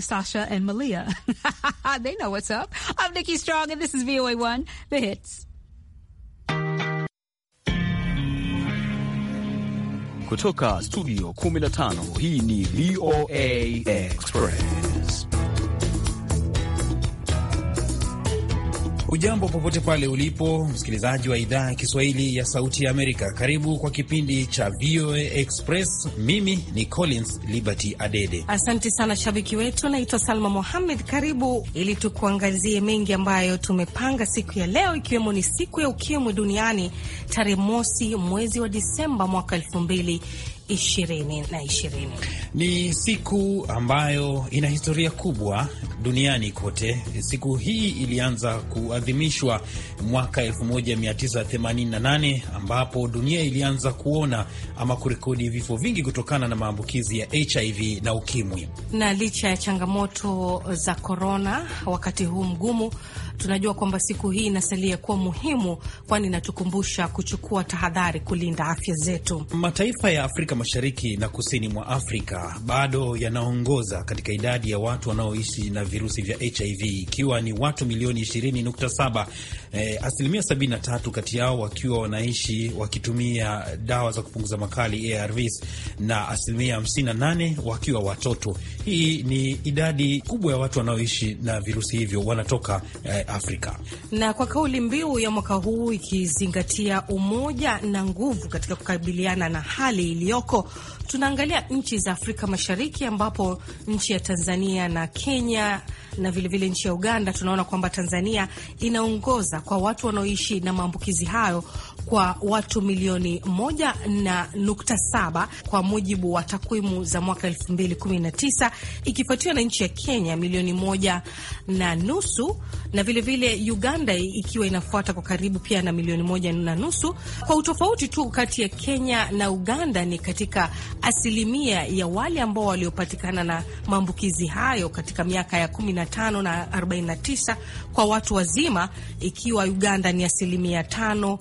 Sasha and Malia. they know what's up. I'm Nikki Strong, and this is VOA One, the hits. Kutoka studio 15 hii ni VOA Express. ujambo popote pale ulipo msikilizaji wa idhaa ya Kiswahili ya Sauti ya Amerika, karibu kwa kipindi cha VOA Express. Mimi ni Collins Liberty Adede. Asante sana shabiki wetu, naitwa Salma Mohamed. Karibu ili tukuangazie mengi ambayo tumepanga siku ya leo, ikiwemo ni siku ya ukimwi duniani tarehe mosi mwezi wa Disemba mwaka elfu mbili 2020. Ni siku ambayo ina historia kubwa duniani kote. Siku hii ilianza kuadhimishwa mwaka 1988 ambapo dunia ilianza kuona ama kurekodi vifo vingi kutokana na maambukizi ya HIV na ukimwi. Na licha ya changamoto za korona wakati huu mgumu Tunajua kwamba siku hii inasalia kuwa muhimu, kwani inatukumbusha kuchukua tahadhari kulinda afya zetu. Mataifa ya Afrika Mashariki na kusini mwa Afrika bado yanaongoza katika idadi ya watu wanaoishi na virusi vya HIV ikiwa ni watu milioni 20.7, eh, asilimia 73 kati yao wakiwa wanaishi wakitumia dawa za kupunguza makali ARVs na asilimia 58 wakiwa watoto. Hii ni idadi kubwa ya watu wanaoishi na virusi hivyo wanatoka eh, Afrika. Na kwa kauli mbiu ya mwaka huu ikizingatia umoja na nguvu katika kukabiliana na hali iliyoko, tunaangalia nchi za Afrika Mashariki, ambapo nchi ya Tanzania na Kenya na vilevile vile nchi ya Uganda, tunaona kwamba Tanzania inaongoza kwa watu wanaoishi na maambukizi hayo kwa watu milioni 1.7 kwa mujibu wa takwimu za mwaka tisa ikifuatiwa na nchi ya Kenya milioni moja na nusu na vilevile vile Uganda ikiwa inafuata kwa karibu pia na milioni moja na nusu. Kwa utofauti tu kati ya Kenya na Uganda ni katika asilimia ya wale ambao waliopatikana na maambukizi hayo katika miaka ya 15 na 49 kwa watu wazima, ikiwa Uganda ni asilimia 5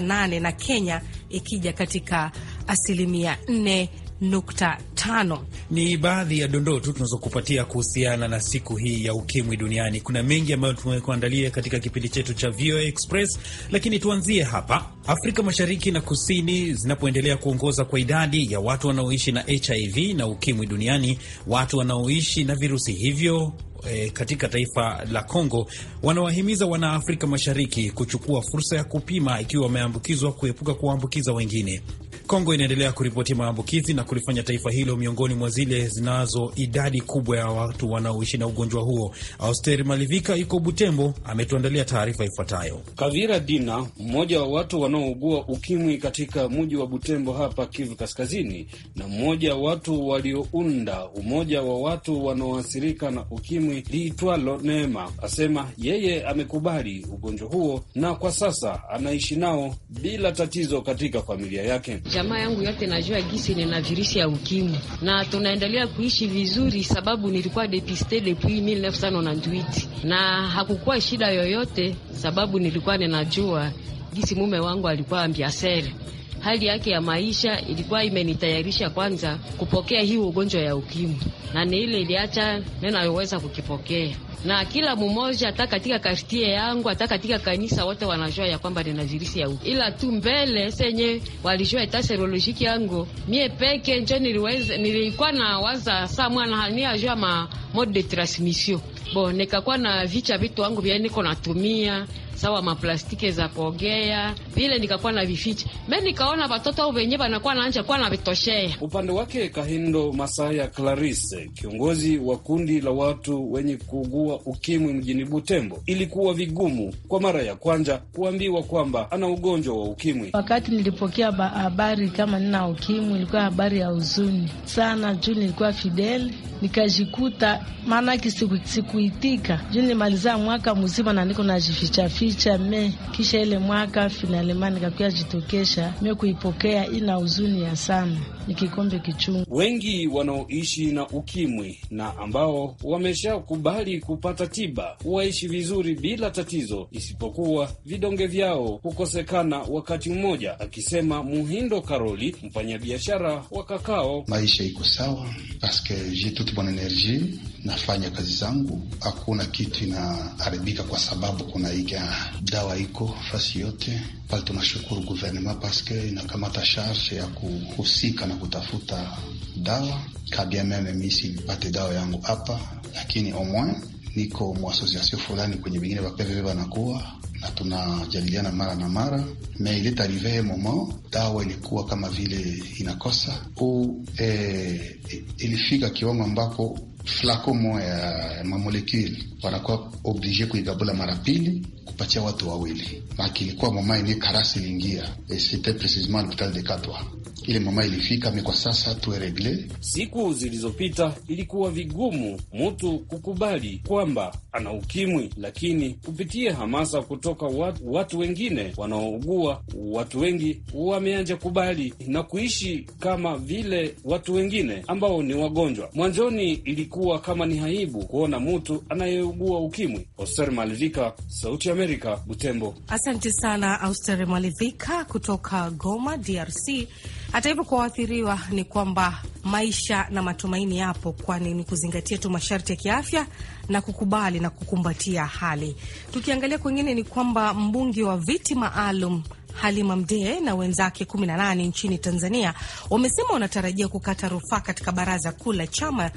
nukta nane na Kenya ikija katika asilimia nne nukta tano. Ni baadhi ya dondoo tu tunazokupatia kuhusiana na siku hii ya ukimwi duniani. Kuna mengi ambayo tumekuandalia katika kipindi chetu cha VOA Express, lakini tuanzie hapa Afrika Mashariki na Kusini zinapoendelea kuongoza kwa idadi ya watu wanaoishi na HIV na ukimwi duniani. Watu wanaoishi na virusi hivyo E, katika taifa la Kongo wanawahimiza Wanaafrika Mashariki kuchukua fursa ya kupima ikiwa wameambukizwa, kuepuka kuwaambukiza wengine. Kongo inaendelea kuripoti maambukizi na kulifanya taifa hilo miongoni mwa zile zinazo idadi kubwa ya watu wanaoishi na ugonjwa huo. auster Malivika iko Butembo, ametuandalia taarifa ifuatayo. Kavira Dina, mmoja wa watu wanaougua ukimwi katika mji wa Butembo hapa Kivu Kaskazini, na mmoja wa watu waliounda umoja wa watu wanaoathirika na ukimwi liitwalo Neema, asema yeye amekubali ugonjwa huo na kwa sasa anaishi nao bila tatizo katika familia yake jamaa yangu yote najua gisi nina virusi ya ukimwi na tunaendelea kuishi vizuri, sababu nilikuwa depiste depuis 1998 na hakukuwa shida yoyote, sababu nilikuwa ninajua gisi mume wangu alikuwa ambiasere hali yake ya maisha ilikuwa imenitayarisha kwanza kupokea hii ugonjwa ya ukimwi, na ni ile iliacha ninayoweza kukipokea na kila mmoja hata katika kartie yangu hata katika kanisa wote wanajua ya kwamba nina virusi ya ukimwi, ila tu mbele senye walijua eta serolojiki yangu mie peke njo niliweza, nilikuwa na waza saa mwana ni ajua ma mode de transmission bo nikakuwa na vicha vitu wangu vya natumia sawa maplastike za kuogea vile, nikakuwa na vificha me, nikaona watoto au venye wanakuwa naanja kuwa na vitoshea. Upande wake Kahindo Masaya Clarisse, kiongozi wa kundi la watu wenye kuugua ukimwi mjini Butembo, ilikuwa vigumu kwa mara ya kwanza kuambiwa kwamba ana ugonjwa wa ukimwi. Wakati nilipokea habari kama nina ukimwi, ilikuwa habari ya huzuni sana juu nilikuwa fidel nikajikuta maanake sikuitika siku juu nimalizaa mwaka mzima na niko najifichafi kujificha me, kisha ile mwaka finalemani kakuya jitokesha me kuipokea, ina huzuni ya sana ni kikombe kichungu. Wengi wanaoishi na ukimwi na ambao wameshakubali kupata tiba waishi vizuri bila tatizo, isipokuwa vidonge vyao hukosekana wakati mmoja, akisema Muhindo Karoli, mfanyabiashara wa kakao. Maisha iko sawa paske jitutu bon enerji, nafanya kazi zangu, hakuna kitu inaharibika kwa sababu kuna iga dawa iko fasi yote pale. Tunashukuru guvernema paske inakamata sharje ya kuhusika na kutafuta dawa kabia meme misi nipate dawa yangu hapa, lakini omwe niko muasosiasio fulani kwenye vingine va PVV vanakuwa na tunajadiliana mara na mara me iletarive momo dawa ilikuwa kama vile inakosa u eh, ilifika kiwango ambako Flakomo ya euh, mamolecule wanakuwa oblige kuigabula mara pili kupatia watu wawili, maki ilikuwa mama ni karasi iliingia site precisement hopital de Katwa ile mama ilifika mi kwa sasa tueregle. Siku zilizopita ilikuwa vigumu mtu kukubali kwamba ana ukimwi, lakini kupitia hamasa kutoka watu, watu wengine wanaougua, watu wengi wameanja kubali na kuishi kama vile watu wengine ambao ni wagonjwa. Mwanzoni ili ilikuwa kama ni haibu kuona mtu anayeugua ukimwi. Auster Malivika, Sauti Amerika, Butembo. Asante sana Auster Malivika kutoka Goma, DRC. Hata hivyo kwa waathiriwa ni kwamba maisha na matumaini yapo, kwani ni kuzingatia tu masharti ya kiafya na kukubali na kukumbatia hali. Tukiangalia kwengine, ni kwamba mbunge wa viti maalum Halima Mdee na wenzake 18 nchini Tanzania wamesema wanatarajia kukata rufaa katika baraza kuu la chama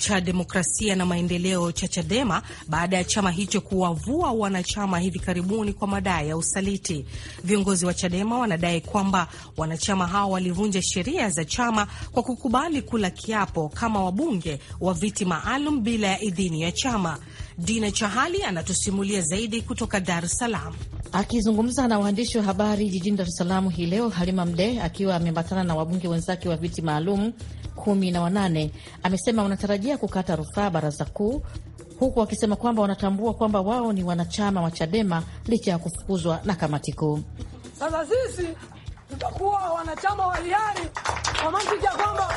cha demokrasia na maendeleo cha Chadema baada ya chama hicho kuwavua wanachama hivi karibuni kwa madai ya usaliti. Viongozi wa Chadema wanadai kwamba wanachama hao walivunja sheria za chama kwa kukubali kula kiapo kama wabunge wa viti maalum bila ya idhini ya chama. Dina Chahali anatusimulia zaidi kutoka Dar es Salaam. Akizungumza na waandishi wa habari jijini Dar es Salaam hii leo, Halima Mdee akiwa ameambatana na wabunge wenzake wa viti maalum kumi na wanane amesema wanatarajia kukata rufaa baraza kuu, huku wakisema kwamba wanatambua kwamba wao ni wanachama wa Chadema licha ya kufukuzwa na kamati kuu. Sasa sisi tutakuwa wanachama wa hiari kwa mantiki ya kwamba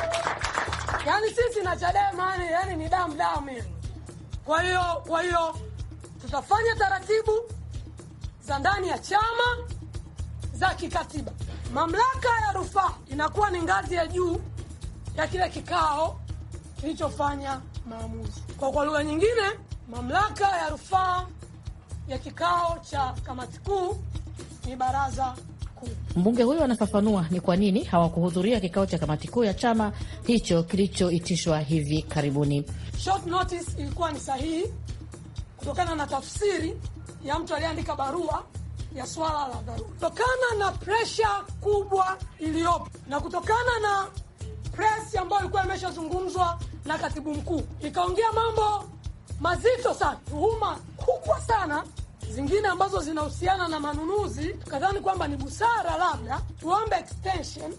yani sisi na Chadema yani ni damu damu. Kwa hiyo kwa hiyo tutafanya taratibu za ndani ya chama za kikatiba. Mamlaka ya rufaa inakuwa ni ngazi ya juu ya kile kikao kilichofanya maamuzi. Kwa kwa lugha nyingine, mamlaka ya rufaa ya kikao cha kamati kuu ni baraza kuu. Mbunge huyo anafafanua ni kwa nini hawakuhudhuria kikao cha kamati kuu ya chama hicho kilichoitishwa hivi karibuni. Short notice ilikuwa ni sahihi kutokana na tafsiri ya mtu aliyeandika barua ya swala la dharura, kutokana na presha kubwa iliyopo na kutokana na presi ambayo ilikuwa imeshazungumzwa na katibu mkuu, ikaongea mambo mazito sana, tuhuma kubwa sana zingine ambazo zinahusiana na manunuzi. Tukadhani kwamba ni busara labda tuombe extension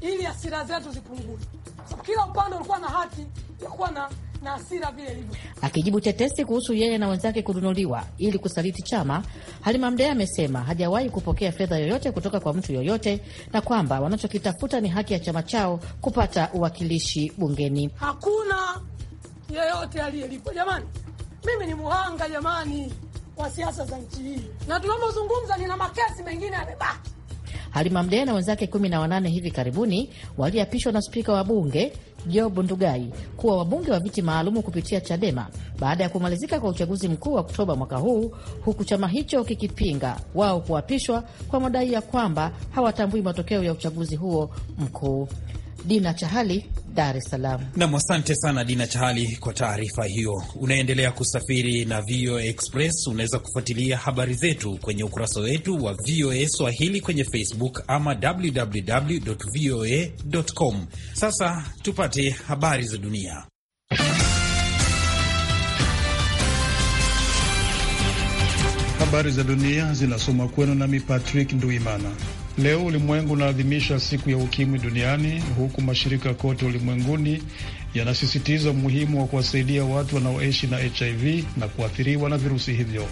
ili hasira zetu zipungue, sababu kila upande ulikuwa na haki ya kuwa na na hasira vile ilivyo. Akijibu tetesi kuhusu yeye na wenzake kununuliwa ili kusaliti chama, Halima Mdee amesema hajawahi kupokea fedha yoyote kutoka kwa mtu yoyote na kwamba wanachokitafuta ni haki ya chama chao kupata uwakilishi bungeni. Hakuna yeyote aliyelipwa. Jamani, mimi ni muhanga jamani wa siasa za nchi hii, na tunavyozungumza nina makesi mengine yamebaki. Halima Mdee na wenzake kumi na wanane hivi karibuni waliapishwa na spika wa bunge Job Ndugai kuwa wabunge wa viti maalumu kupitia Chadema baada ya kumalizika kwa uchaguzi mkuu wa Oktoba mwaka huu, huku chama hicho kikipinga wao kuapishwa kwa madai ya kwamba hawatambui matokeo ya uchaguzi huo mkuu. Dina Chahali, Dar es Salaam. Nam, asante sana Dina Chahali kwa taarifa hiyo. Unaendelea kusafiri na VOA Express. Unaweza kufuatilia habari zetu kwenye ukurasa wetu wa VOA Swahili kwenye Facebook ama www voa com. Sasa tupate habari za dunia. Habari za dunia zinasomwa kwenu nami Patrick Nduimana. Leo ulimwengu unaadhimisha siku ya ukimwi duniani, huku mashirika kote ulimwenguni yanasisitiza umuhimu wa kuwasaidia watu wanaoishi na HIV na kuathiriwa na virusi hivyo.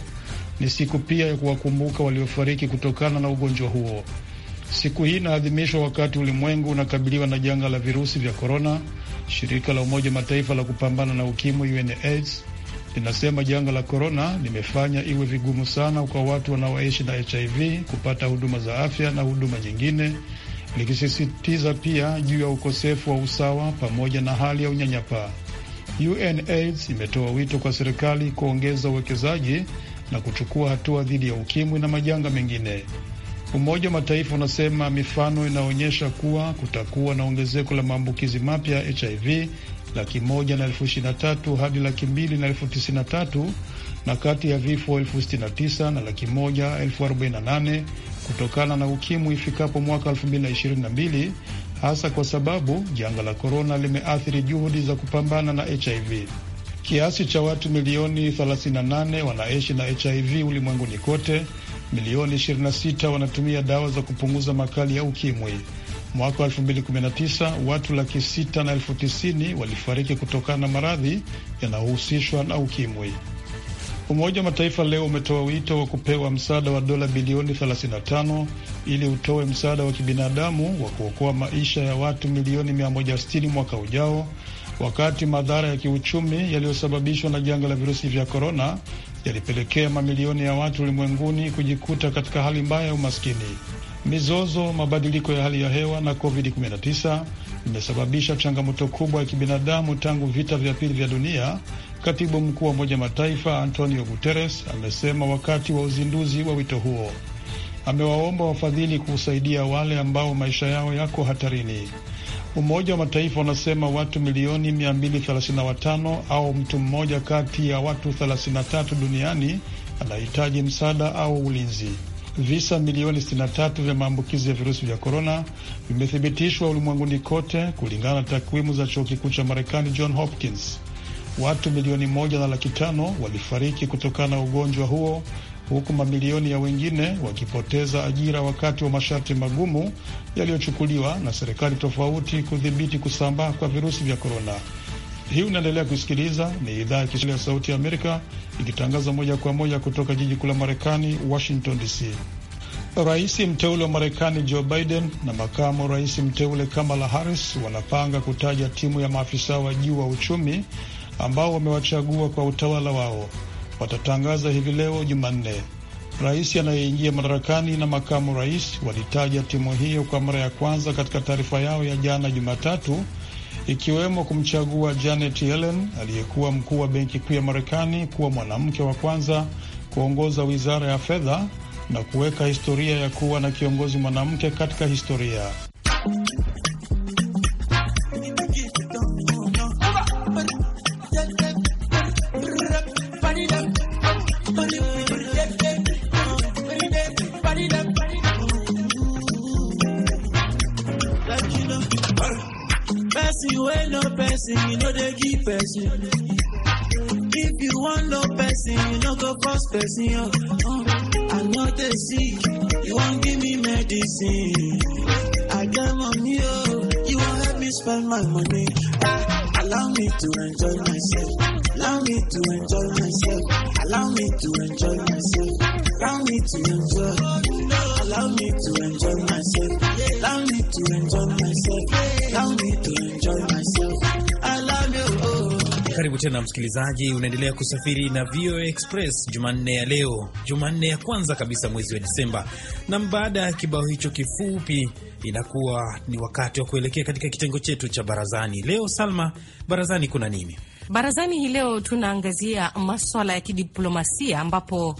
Ni siku pia ya kuwakumbuka waliofariki kutokana na ugonjwa huo. Siku hii inaadhimishwa wakati ulimwengu unakabiliwa na janga la virusi vya korona. Shirika la Umoja Mataifa la kupambana na ukimwi UNAIDS linasema janga la korona limefanya iwe vigumu sana kwa watu wanaoishi na HIV kupata huduma za afya na huduma nyingine, likisisitiza pia juu ya ukosefu wa usawa pamoja na hali ya unyanyapaa. UNAIDS imetoa wito kwa serikali kuongeza uwekezaji na kuchukua hatua dhidi ya ukimwi na majanga mengine. Umoja wa Mataifa unasema mifano inaonyesha kuwa kutakuwa na ongezeko la maambukizi mapya ya HIV laki moja na elfu ishirini na tatu hadi laki mbili na elfu tisini na tatu na kati ya vifo elfu sitini na tisa na laki moja elfu arobaini na nane kutokana na ukimwi ifikapo mwaka elfu mbili na ishirini na mbili hasa kwa sababu janga la korona limeathiri juhudi za kupambana na HIV. Kiasi cha watu milioni 38 wanaishi na HIV ulimwenguni kote. Milioni 26 wanatumia dawa za kupunguza makali ya ukimwi. Mwaka wa 2019 watu laki sita na elfu tisini walifariki kutokana na maradhi yanayohusishwa na ukimwi. Umoja wa Mataifa leo umetoa wito wa kupewa msaada wa dola bilioni 35 ili utoe msaada wa kibinadamu wa kuokoa maisha ya watu milioni 160 mwaka ujao, wakati madhara ya kiuchumi yaliyosababishwa na janga la virusi vya korona yalipelekea mamilioni ya watu ulimwenguni kujikuta katika hali mbaya ya umaskini. Mizozo, mabadiliko ya hali ya hewa na COVID-19 imesababisha changamoto kubwa ya kibinadamu tangu vita vya pili vya dunia, katibu mkuu wa Umoja Mataifa Antonio Guterres amesema wakati wa uzinduzi wa wito huo. Amewaomba wafadhili kusaidia wale ambao maisha yao yako hatarini. Umoja wa Mataifa unasema watu milioni 235 au mtu mmoja kati ya watu 33 duniani anahitaji msaada au ulinzi. Visa milioni 63 vya maambukizi ya virusi vya korona vimethibitishwa ulimwenguni kote, kulingana na takwimu za chuo kikuu cha Marekani John Hopkins. Watu milioni moja na laki tano walifariki kutokana na ugonjwa huo huku mamilioni ya wengine wakipoteza ajira wakati wa masharti magumu yaliyochukuliwa na serikali tofauti kudhibiti kusambaa kwa virusi vya korona. Hii unaendelea kusikiliza ni idhaa ya Kiswahili ya Sauti ya Amerika ikitangaza moja kwa moja kutoka jiji kuu la Marekani, Washington DC. Rais mteule wa Marekani Joe Biden na makamu rais mteule Kamala Harris wanapanga kutaja timu ya maafisa wa juu wa uchumi ambao wamewachagua kwa utawala wao. Watatangaza hivi leo Jumanne. Rais anayeingia madarakani na makamu rais walitaja timu hiyo kwa mara ya kwanza katika taarifa yao ya jana Jumatatu ikiwemo kumchagua Janet Yellen aliyekuwa mkuu wa benki kuu ya Marekani kuwa mwanamke wa kwanza kuongoza wizara ya fedha na kuweka historia ya kuwa na kiongozi mwanamke katika historia. person, you know they give person. If you want no person, you know go force person. Oh, oh. I know they see, you won't give me medicine. I got money, oh, you won't help me spend my money. Ah. Allow me to enjoy myself. Allow me to enjoy myself. Allow me to enjoy myself. Allow me to enjoy. Allow me to enjoy myself. Allow me to enjoy myself. Allow me to enjoy myself. Karibu tena msikilizaji, unaendelea kusafiri na VOA Express Jumanne ya leo, Jumanne ya kwanza kabisa mwezi wa Disemba, na baada ya kibao hicho kifupi inakuwa ni wakati wa kuelekea katika kitengo chetu cha barazani. Leo Salma, barazani kuna nini? Barazani hii leo tunaangazia maswala ya kidiplomasia ambapo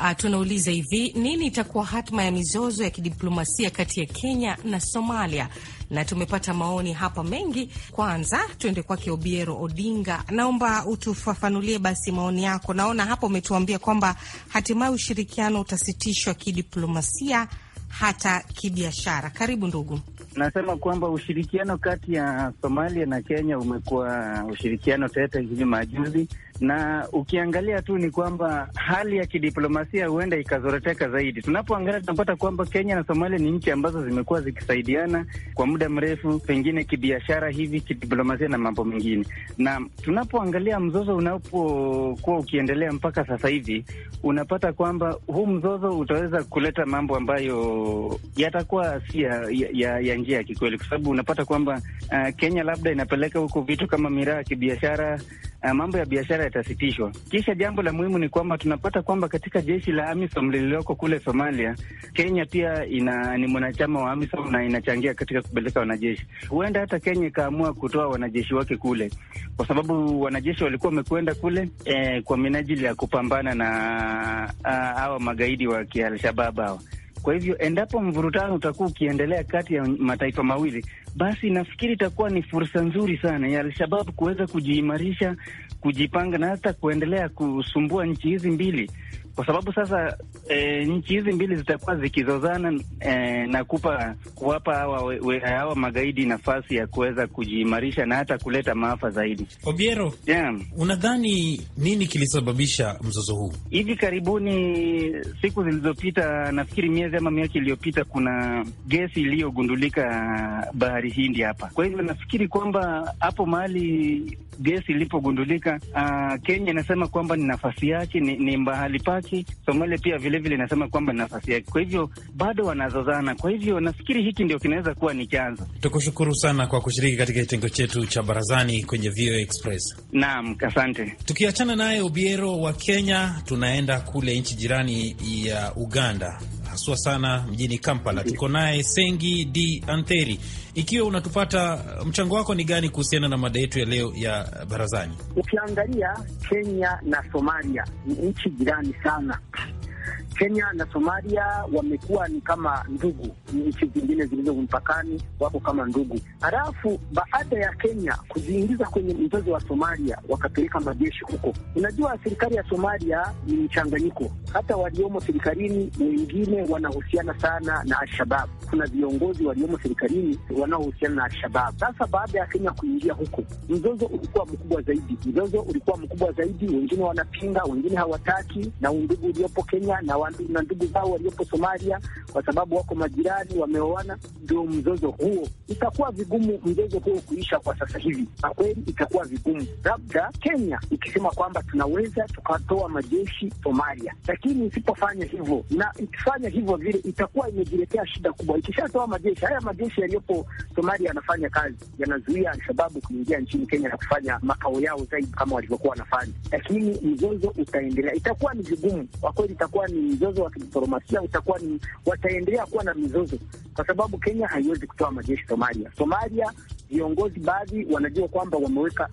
Uh, tunauliza hivi, nini itakuwa hatma ya mizozo ya kidiplomasia kati ya Kenya na Somalia na tumepata maoni hapa mengi. Kwanza tuende kwake Obiero Odinga, naomba utufafanulie basi maoni yako. Naona hapo umetuambia kwamba hatimaye ushirikiano utasitishwa kidiplomasia hata kibiashara. Karibu ndugu. Nasema kwamba ushirikiano kati ya Somalia na Kenya umekuwa ushirikiano tete hivi majuzi na ukiangalia tu ni kwamba hali ya kidiplomasia huenda ikazoroteka zaidi. Tunapoangalia tunapata kwamba Kenya na Somalia ni nchi ambazo zimekuwa zikisaidiana kwa muda mrefu, pengine kibiashara hivi, kidiplomasia na mambo mengine. Na tunapoangalia mzozo unapokuwa ukiendelea mpaka sasa hivi, unapata kwamba huu mzozo utaweza kuleta mambo ambayo yatakuwa si ya, ya, ya njia ya kikweli, kwa sababu unapata kwamba uh, Kenya labda inapeleka huko vitu kama miraa ya kibiashara, uh, mambo ya biashara yatasitishwa. Kisha jambo la muhimu ni kwamba tunapata kwamba katika jeshi la AMISOM lililoko kule Somalia, Kenya pia ina, ni mwanachama wa AMISOM na inachangia katika kupeleka wanajeshi. Huenda hata Kenya ikaamua kutoa wanajeshi wake kule, kwa sababu wanajeshi walikuwa wamekwenda kule eh, kwa minajili ya kupambana na ah, hawa magaidi wa kialshabab hawa. Kwa hivyo endapo mvurutano utakuwa ukiendelea kati ya mataifa mawili, basi nafikiri itakuwa ni fursa nzuri sana ya al kuweza kujiimarisha kujipanga na hata kuendelea kusumbua nchi hizi mbili kwa sababu sasa e, nchi hizi mbili zitakuwa zikizozana e, na kupa kuwapa hawa, magaidi nafasi ya kuweza kujiimarisha na hata kuleta maafa zaidi. Obiero, yeah. Unadhani nini kilisababisha mzozo huu? Hivi karibuni siku zilizopita, nafikiri miezi ama miaka iliyopita, kuna gesi iliyogundulika bahari Hindi hapa. Kwa hivyo nafikiri kwamba hapo mahali gesi ilipogundulika, ah, Kenya inasema kwamba ni nafasi yake, ni, ni mahali pake nchi. Somalia pia vilevile inasema vile kwamba nafasi yake, kwa hivyo bado wanazozana. Kwa hivyo nafikiri hiki ndio kinaweza kuwa ni chanzo. Tukushukuru sana kwa kushiriki katika kitengo chetu cha barazani kwenye VOA Express. Naam, asante. Tukiachana naye Ubiero wa Kenya, tunaenda kule nchi jirani ya Uganda haswa sana mjini Kampala. Tuko naye Sengi D Anteri, ikiwa unatupata, mchango wako ni gani kuhusiana na mada yetu ya leo ya barazani? Ukiangalia Kenya na Somalia ni nchi jirani sana Kenya na Somalia wamekuwa ni kama ndugu, nchi zingine zilizo mpakani wako kama ndugu. Halafu baada ya Kenya kujiingiza kwenye mzozo wa Somalia, wakapeleka majeshi huko. Unajua, serikali ya Somalia ni mchanganyiko, hata waliomo serikalini wengine wanahusiana sana na Alshabab. Kuna viongozi waliomo serikalini wanaohusiana na Alshabab. Sasa baada ya Kenya kuingia huko, mzozo ulikuwa mkubwa zaidi, mzozo ulikuwa mkubwa zaidi, wengine wanapinga, wengine hawataki, na undugu uliopo Kenya na na ndugu zao waliopo Somalia, kwa sababu wako majirani, wameoana. Ndio mzozo huo, itakuwa vigumu mzozo huo kuisha kwa sasa hivi, na kweli itakuwa vigumu, labda Kenya ikisema kwamba tunaweza tukatoa majeshi Somalia, lakini isipofanya hivyo na ikifanya hivyo vile itakuwa imejiletea shida kubwa. Ikishatoa majeshi haya, majeshi yaliyopo Somalia yanafanya kazi, yanazuia Alshababu kuingia nchini Kenya na kufanya makao yao zaidi kama walivyokuwa wanafanya, lakini mzozo utaendelea, itakuwa ni vigumu kwa kweli, itakuwa ni mzozo wa kidiplomasia utakuwa ni, wataendelea kuwa na mizozo kwa sababu Kenya haiwezi kutoa majeshi Somalia. Somalia viongozi baadhi wanajua kwamba wameweka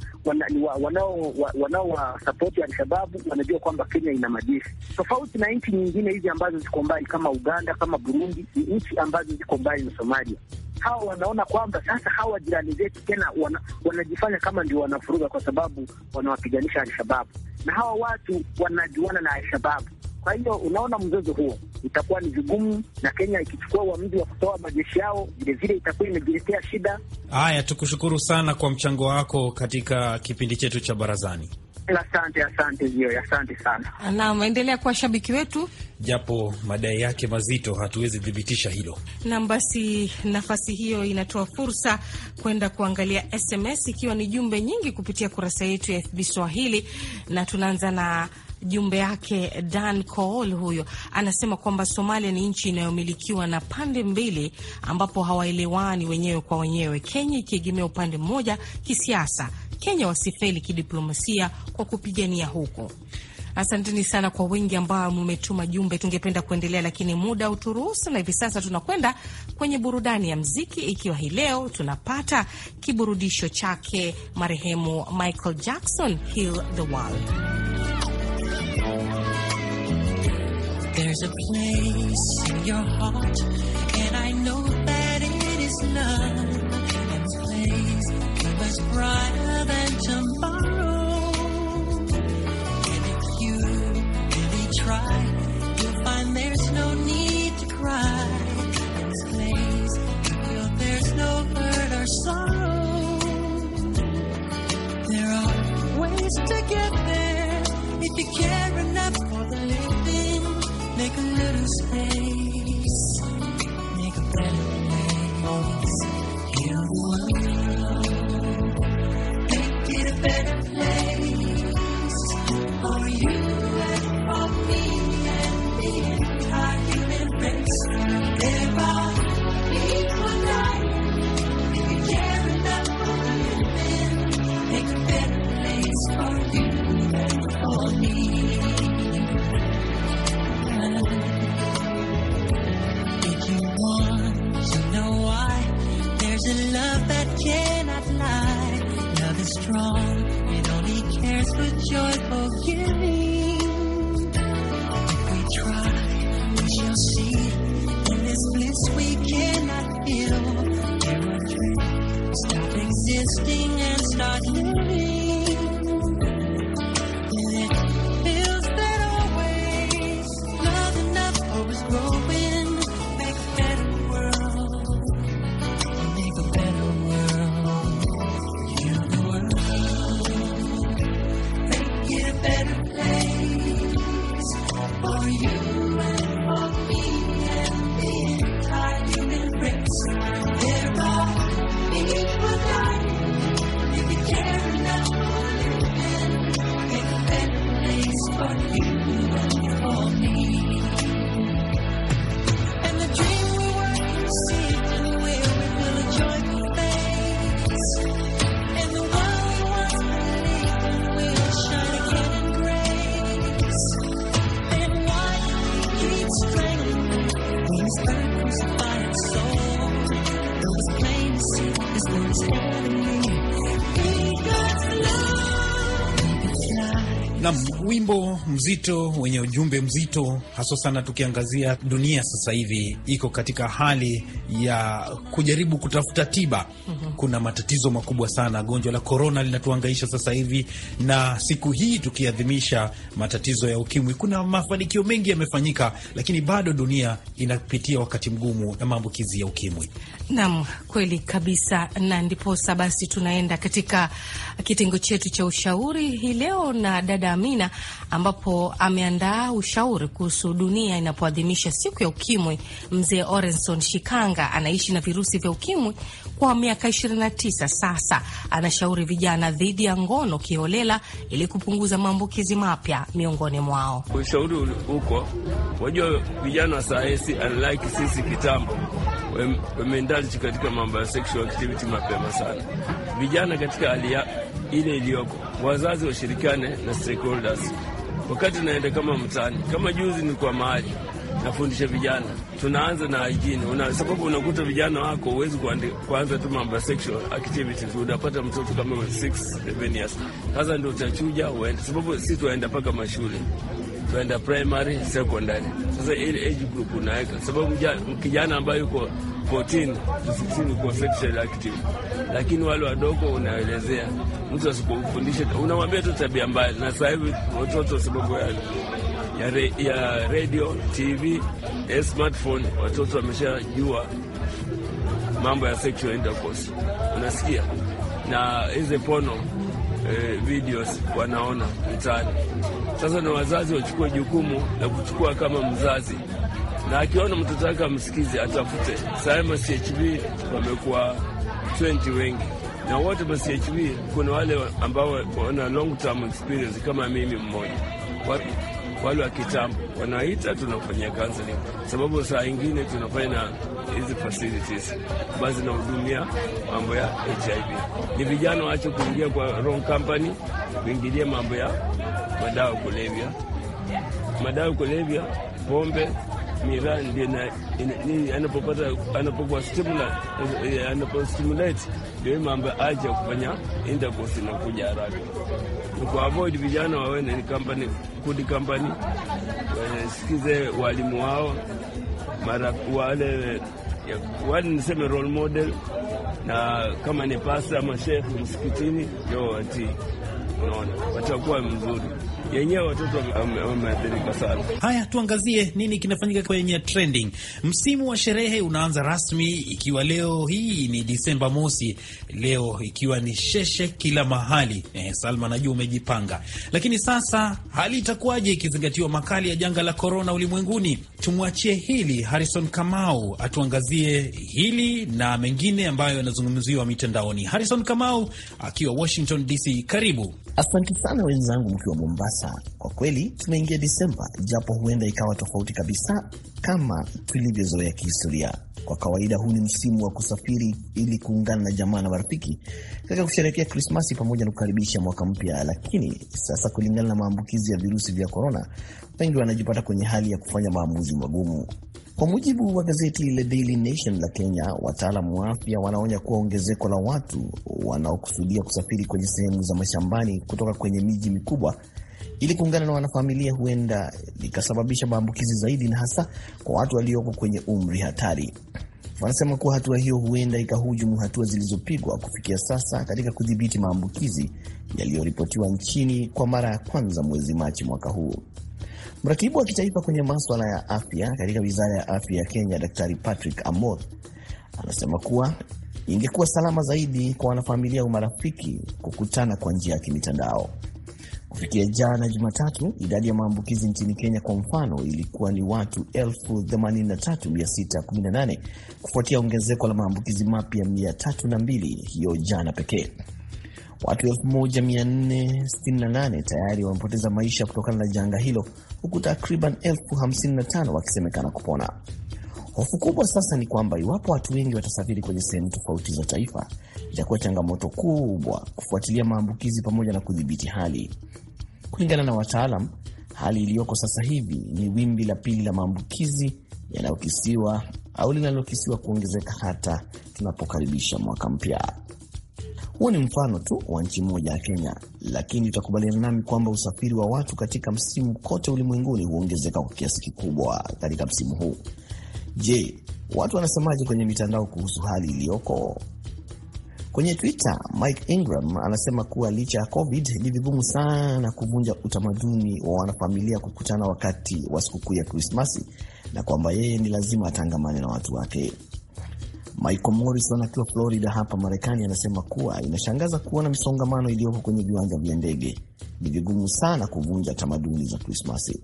wanao wanaowasapoti Alshababu wanajua kwamba Kenya ina majeshi tofauti na nchi nyingine hizi ambazo ziko mbali kama Uganda kama Burundi, ni nchi ambazo ziko mbali na Somalia. Hawa wanaona kwamba sasa hawa jirani zetu tena wana, wanajifanya kama ndio wanafuruga kwa sababu wanawapiganisha Alshababu na hawa watu wanajuana na Alshababu. Kwa hiyo unaona, mzozo huo itakuwa ni vigumu, na Kenya ikichukua uamuzi wa kutoa majeshi yao vilevile itakuwa imejiletea shida. Haya, tukushukuru sana kwa mchango wako katika kipindi chetu cha Barazani. Asante, asante hiyo, asante sana. Naam, kuwa shabiki wetu, japo madai yake mazito, hatuwezi thibitisha hilo. Nam, basi nafasi hiyo inatoa fursa kwenda kuangalia SMS, ikiwa ni jumbe nyingi kupitia kurasa yetu ya FB Swahili, na tunaanza na jumbe yake Dan Kool huyo anasema kwamba Somalia ni nchi inayomilikiwa na pande mbili, ambapo hawaelewani wenyewe kwa wenyewe, Kenya ikiegemea upande mmoja kisiasa, Kenya wasifeli kidiplomasia kwa kupigania huko. Asanteni sana kwa wengi ambao mmetuma jumbe. Tungependa kuendelea lakini muda uturuhusu, na hivi sasa tunakwenda kwenye burudani ya mziki, ikiwa hii leo tunapata kiburudisho chake marehemu Michael Jackson, Heal the World. There's a place in your heart, and I know that it is love. And this place is much brighter than tomorrow. And if you really try. care enough for the living, make a little space, make a better place. Heal the world, make it a better place for you and for me and the entire human race. There are equal If you care enough for the living, make a better place for you me. mzito wenye ujumbe mzito, haswa sana tukiangazia dunia sasa hivi iko katika hali ya kujaribu kutafuta tiba kuna matatizo makubwa sana. Gonjwa la korona linatuangaisha sasa hivi, na siku hii tukiadhimisha matatizo ya ukimwi, kuna mafanikio mengi yamefanyika, lakini bado dunia inapitia wakati mgumu na maambukizi ya ukimwi. Naam, kweli kabisa, na ndiposa basi tunaenda katika kitengo chetu cha ushauri hii leo na dada Amina, ambapo ameandaa ushauri kuhusu dunia inapoadhimisha siku ya ukimwi. Mzee Orenson Shikanga anaishi na virusi vya ukimwi kwa miaka 29 sasa, anashauri vijana dhidi ya ngono kiholela ili kupunguza maambukizi mapya miongoni mwao. Ushauri huko, wajua vijana wa sayansi unlike sisi kitambo wameindulge katika mambo ya sexual activity mapema sana. Vijana katika hali ile iliyoko, wazazi washirikiane na stakeholders wakati naenda kama mtaani, kama juzi ni kwa mahali nafundisha vijana, tunaanza na hygiene una, sababu unakuta vijana wako huwezi kuanza tu mambo sexual activities. Unapata mtoto kama 6 7 years, sasa ndio utachuja uende, sababu si tuaenda mpaka mashule tuenda primary secondary. Sasa ile age group unaweka sababu kijana ambaye yuko 14 to 16 uko sexual active, lakini wale wadogo unaelezea, mtu asipofundisha unamwambia tu tabia mbaya, na sasa hivi watoto sababu ya ya, re, ya radio, TV, ya eh, smartphone. Watoto wameshajua mambo ya sexual intercourse, unasikia na hizi pono eh, videos wanaona mtaani. Sasa na wazazi wachukue jukumu la kuchukua kama mzazi, na akiona mtoto wake amsikizi, atafute sahema CHB wamekuwa 20 wengi na wote ma kuna wale ambao wana long term experience kama mimi mmoja wale wa kitambo wanaita, tunafanyia counseling, sababu saa ingine tunafanya na hizi facilities basi zinahudumia mambo ya HIV. Ni vijana waache kuingia kwa wrong company, kuingilia mambo ya madawa kulevya, madawa kulevya, pombe Iran ndio uh, anapopata anapokuwa eh, eh, anapostimulate ndio mambo aje kufanya intercourse na kuja haraka ku avoid vijana wawe ni company good company, wasikize eh, walimu wao mara wale wale niseme role model, na kama ni pasta ama shekhi msikitini, ndio wati unaona watakuwa mzuri yenyewe watoto wameathirika sana. Haya, tuangazie nini kinafanyika kwenye trending. Msimu wa sherehe unaanza rasmi, ikiwa leo hii ni Disemba mosi, leo ikiwa ni sheshe kila mahali. Eh, Salma, najua umejipanga, lakini sasa hali itakuwaje ikizingatiwa makali ya janga la korona ulimwenguni? Tumwachie hili Harrison Kamau atuangazie hili na mengine ambayo yanazungumziwa mitandaoni. Harrison Kamau akiwa Washington DC, karibu. Asante sana wenzangu mkiwa Mombasa sasa. Kwa kweli tunaingia Disemba, japo huenda ikawa tofauti kabisa kama tulivyozoea kihistoria. Kwa kawaida huu ni msimu wa kusafiri ili kuungana na jamaa na marafiki katika kusherehekea Krismasi pamoja na kukaribisha mwaka mpya, lakini sasa kulingana na maambukizi ya virusi vya korona, wengi wanajipata kwenye hali ya kufanya maamuzi magumu. Kwa mujibu wa gazeti la Daily Nation la Kenya, wataalamu wa afya wanaonya kuwa ongezeko la watu wanaokusudia kusafiri kwenye sehemu za mashambani kutoka kwenye miji mikubwa ili kuungana na wanafamilia huenda likasababisha maambukizi zaidi na hasa kwa watu walioko kwenye umri hatari. Wanasema kuwa hatua hiyo huenda ikahujumu hatua zilizopigwa kufikia sasa katika kudhibiti maambukizi yaliyoripotiwa nchini kwa mara ya kwanza mwezi Machi mwaka huu. Mratibu wa kitaifa kwenye maswala ya afya katika wizara ya afya ya Kenya, Daktari Patrick Amoth anasema kuwa ingekuwa salama zaidi kwa wanafamilia au marafiki kukutana kwa njia ya kimitandao. Kufikia jana Jumatatu, idadi ya maambukizi nchini Kenya kwa mfano ilikuwa ni watu 83618 kufuatia ongezeko la maambukizi mapya 302 hiyo jana pekee. Watu 1468 tayari wamepoteza maisha kutokana na janga hilo huku takriban 55 wakisemekana kupona. Hofu kubwa sasa ni kwamba iwapo watu wengi watasafiri kwenye sehemu tofauti za taifa, itakuwa changamoto kubwa kufuatilia maambukizi pamoja na kudhibiti hali. Kulingana na wataalam, hali iliyoko sasa hivi ni wimbi la pili la maambukizi yanayokisiwa au linalokisiwa kuongezeka hata tunapokaribisha mwaka mpya. Huo ni mfano tu wa nchi moja ya Kenya, lakini utakubaliana nami kwamba usafiri wa watu katika msimu kote ulimwenguni huongezeka kwa kiasi kikubwa katika msimu huu. Je, watu wanasemaje kwenye mitandao kuhusu hali iliyoko? Kwenye Twitter, Mike Ingram anasema kuwa licha ya COVID ni vigumu sana kuvunja utamaduni wa wanafamilia kukutana wakati wa sikukuu ya Krismasi na kwamba yeye ni lazima atangamane na watu wake. Michael Morrison akiwa Florida hapa Marekani anasema kuwa inashangaza kuona misongamano iliyoko kwenye viwanja vya ndege. Ni vigumu sana kuvunja tamaduni za Krismasi.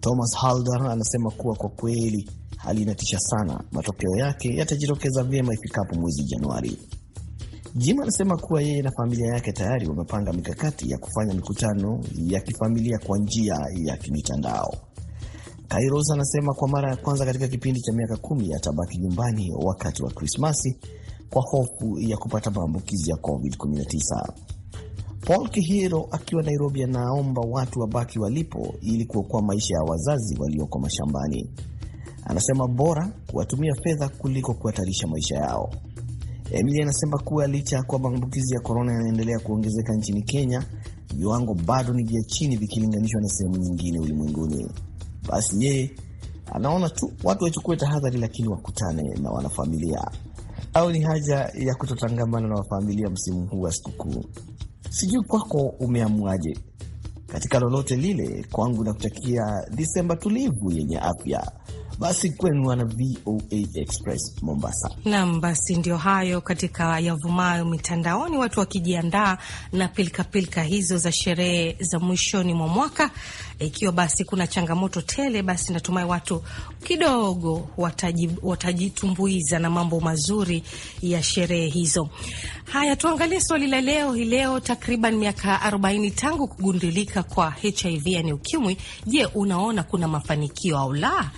Thomas Halder anasema kuwa kwa kweli hali inatisha sana, matokeo yake yatajitokeza vyema ifikapo mwezi Januari. Jim anasema kuwa yeye na familia yake tayari wamepanga mikakati ya kufanya mikutano ya kifamilia kwa njia ya kimitandao. Kairos anasema kwa mara ya kwanza katika kipindi cha miaka kumi atabaki nyumbani wakati wa Krismasi kwa hofu ya kupata maambukizi ya COVID-19. Paul Kihiro akiwa Nairobi anaomba watu wabaki walipo ili kuokoa maisha ya wazazi walioko mashambani. Anasema bora kuwatumia fedha kuliko kuhatarisha maisha yao. Emily eh, anasema kuwa licha ya kwamba maambukizi ya korona yanaendelea kuongezeka nchini Kenya, viwango bado ni vya chini vikilinganishwa na sehemu nyingine ulimwenguni. Basi yeye anaona tu watu wachukue tahadhari, lakini wakutane na wanafamilia au ni haja ya kutotangamana na wafamilia msimu huu wa sikukuu. Sijui kwako umeamuaje? Katika lolote lile, kwangu nakutakia Disemba tulivu yenye afya. Basi kwenu wana VOA Express Mombasa. Naam, basi ndio hayo katika yavumayo mitandaoni, watu wakijiandaa na pilikapilika hizo za sherehe za mwishoni mwa mwaka. Ikiwa basi kuna changamoto tele, basi natumai watu kidogo watajitumbuiza na mambo mazuri ya sherehe hizo. Haya, tuangalie swali la leo hii. Leo takriban miaka 40 tangu kugundulika kwa HIV yani UKIMWI. Je, unaona kuna mafanikio au la?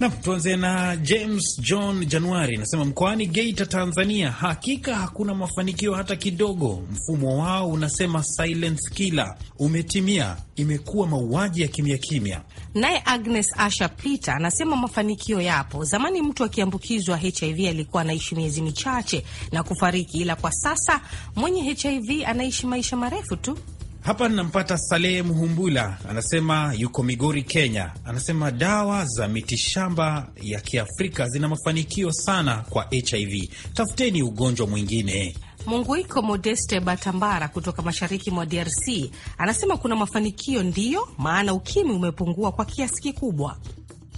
Nam, tuanze na James John Januari nasema mkoani Geita, Tanzania, hakika hakuna mafanikio hata kidogo. Mfumo wao unasema silence killer umetimia, imekuwa mauaji ya kimya kimya. Naye Agnes Asha Peter anasema mafanikio yapo. Zamani mtu akiambukizwa HIV alikuwa anaishi miezi michache na kufariki, ila kwa sasa mwenye HIV anaishi maisha marefu tu. Hapa ninampata Saleh Muhumbula, anasema yuko Migori, Kenya. Anasema dawa za mitishamba ya Kiafrika zina mafanikio sana kwa HIV, tafuteni ugonjwa mwingine. Munguiko Modeste Batambara kutoka mashariki mwa DRC anasema kuna mafanikio ndiyo maana ukimwi umepungua kwa kiasi kikubwa.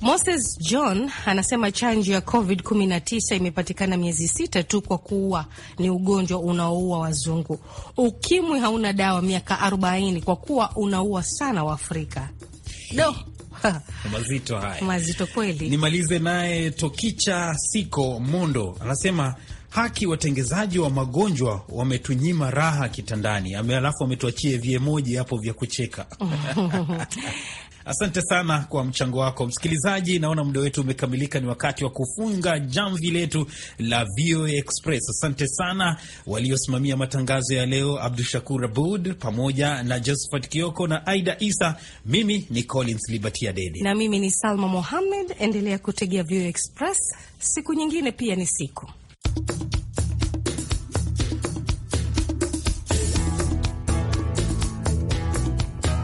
Moses John anasema chanjo ya COVID-19 imepatikana miezi sita tu kwa kuwa ni ugonjwa unaoua wazungu. Ukimwi hauna dawa miaka 40 kwa kuwa unaua sana Waafrika. Do mazito haya, mazito kweli. Nimalize naye Tokicha Siko Mondo anasema haki watengezaji wa magonjwa wametunyima raha kitandani, alafu wametuachia vyemoji hapo vya kucheka Asante sana kwa mchango wako msikilizaji. Naona muda wetu umekamilika, ni wakati wa kufunga jamvi letu la VOA Express. Asante sana waliosimamia matangazo ya leo, Abdu Shakur Abud pamoja na Josephat Kioko na Aida Isa. Mimi ni Collins Libertia Dede na mimi ni Salma Mohamed. Endelea kutegea VOA Express siku nyingine, pia ni siku